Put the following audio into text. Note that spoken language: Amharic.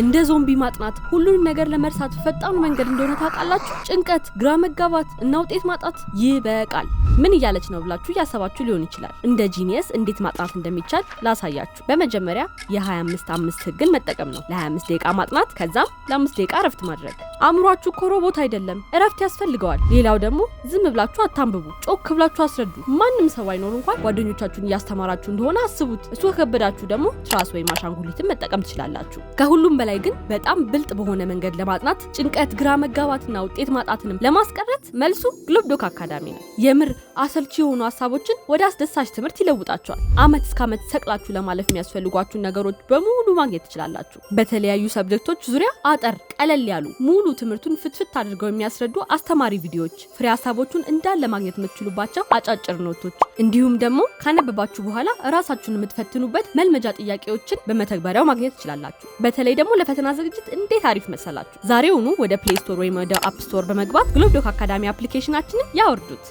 እንደ ዞምቢ ማጥናት ሁሉንም ነገር ለመርሳት ፈጣኑ መንገድ እንደሆነ ታውቃላችሁ። ጭንቀት፣ ግራ መጋባት እና ውጤት ማጣት ይበቃል። ምን እያለች ነው ብላችሁ እያሰባችሁ ሊሆን ይችላል። እንደ ጂኒየስ እንዴት ማጥናት እንደሚቻል ላሳያችሁ። በመጀመሪያ የ25 አምስት ህግን መጠቀም ነው። ለ25 ደቂቃ ማጥናት ከዛም ለ5 ደቂቃ እረፍት ማድረግ አእምሯችሁ እኮ ሮቦት አይደለም፣ እረፍት ያስፈልገዋል። ሌላው ደግሞ ዝም ብላችሁ አታንብቡ፣ ጮክ ብላችሁ አስረዱ። ማንም ሰው አይኖር እንኳን ጓደኞቻችሁን እያስተማራችሁ እንደሆነ አስቡት። እሱ ከከበዳችሁ ደግሞ ትራስ ወይም አሻንጉሊትን መጠቀም ትችላላችሁ። ከሁሉም በላይ ግን በጣም ብልጥ በሆነ መንገድ ለማጥናት ጭንቀት፣ ግራ መጋባትና ውጤት ማጣትንም ለማስቀረት መልሱ ግሎብዶክ አካዳሚ ነው። የምር አሰልቺ የሆኑ ሀሳቦችን ወደ አስደሳች ትምህርት ይለውጣቸዋል። አመት እስከ አመት ሰቅላችሁ ለማለፍ የሚያስፈልጓችሁን ነገሮች በሙሉ ማግኘት ትችላላችሁ። በተለያዩ ሰብጀክቶች ዙሪያ አጠር ቀለል ያሉ ሙሉ ትምህርቱን ፍትፍት አድርገው የሚያስረዱ አስተማሪ ቪዲዮዎች፣ ፍሬ ሀሳቦቹን እንዳለ ማግኘት የምትችሉባቸው አጫጭር ኖቶች፣ እንዲሁም ደግሞ ካነበባችሁ በኋላ ራሳችሁን የምትፈትኑበት መልመጃ ጥያቄዎችን በመተግበሪያው ማግኘት ትችላላችሁ። በተለይ ደግሞ ለፈተና ዝግጅት እንዴት አሪፍ መሰላችሁ! ዛሬውኑ ወደ ፕሌይ ስቶር ወይም ወደ አፕ ስቶር በመግባት ግሎብዶክ አካዳሚ አፕሊኬሽናችንን ያወርዱት።